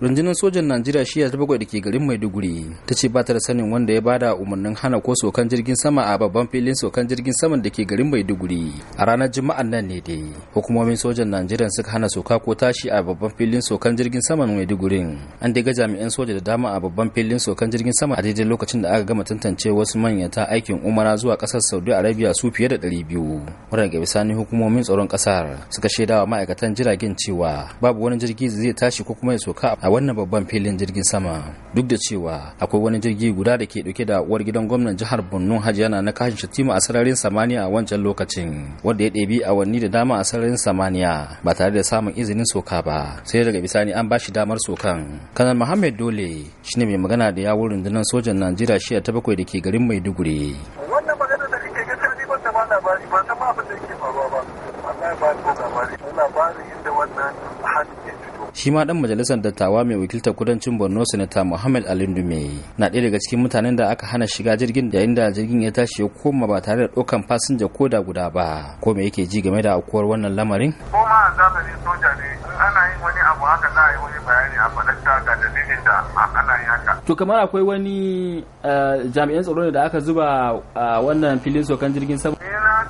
rundunar sojan najeriya shiya ta bakwai da ke garin maiduguri ta ce ba ta da sanin wanda ya bada umarnin hana ko sokan jirgin sama a babban filin sokan jirgin saman da ke garin maiduguri a ranar juma'an nan ne dai hukumomin sojan najeriya suka hana soka ko tashi a babban filin sokan jirgin saman maidugurin an daga jami'an soja da dama a babban filin sokan jirgin sama a daidai lokacin da aka gama tantance wasu manyata aikin umara zuwa kasar saudi arabia su fiye da 200 wurin ga bisani hukumomin tsaron kasar suka shaidawa ma'aikatan jiragen cewa babu wani jirgi zai tashi ko kuma ya soka a wannan babban filin jirgin sama duk da cewa akwai wani jirgi guda da ke dauke da uwar gidan gwamnan jihar borno hajiyana na kashin shatima a sararin samaniya a wancan lokacin wanda ya ɗebi wanni da dama a sararin samaniya ba tare da samun izinin soka ba sai daga bisani an ba shi damar sokan kanar muhammad dole shine mai magana da yawon rundunar sojan najeriya shiya ta bakwai da ke garin maiduguri wannan ba ba ba ba ba ba da ba ba ba ba ma abin ba ba ba ba ba ba ko ba ba ba wannan ba shi ma dan majalisar dattawa mai wakiltar kudancin borno senator muhammad alindume na ɗaya daga cikin mutanen da aka hana shiga jirgin yayin da jirgin ya tashi ya koma ba tare da ɗaukan fasinja ko da guda ba ko me yake ji game da aukuwar wannan lamarin ko ma soja ne ana yin wani abu haka za a yi wani bayani a faɗa ga dalilin ana yi haka to kamar akwai wani eh, jami'an tsaro ne da aka zuba a eh, wannan filin sokan jirgin sama eh,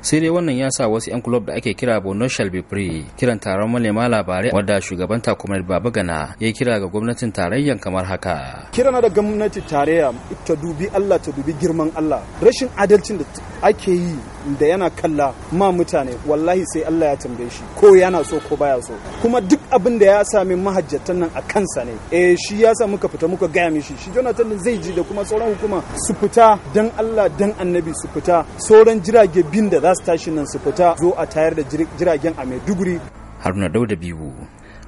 sai dai wannan ya sa wasu 'yan kulob da ake kira Borno shall be free kiran taron manema labarai wadda shugaban takumar gana ya kira ga gwamnatin tarayyan kamar haka. Kirana da gwamnati tarayya ta dubi Allah ta dubi girman Allah rashin adalcin da ake yi da yana kalla ma mutane wallahi sai Allah ya tambaye shi ko yana so ko baya so kuma duk abin da ya sami mahajjatan nan a kansa ne eh shi ya sa muka fita muka gaya mishi shi Jonathan zai ji da kuma sauran hukuma su fita dan Allah dan Annabi su fita sauran jirage bin da za su tashi nan su fita zo a tayar da jiragen a maiduguri haruna dauda biyu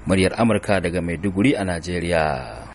muryar amurka daga maiduguri a najeriya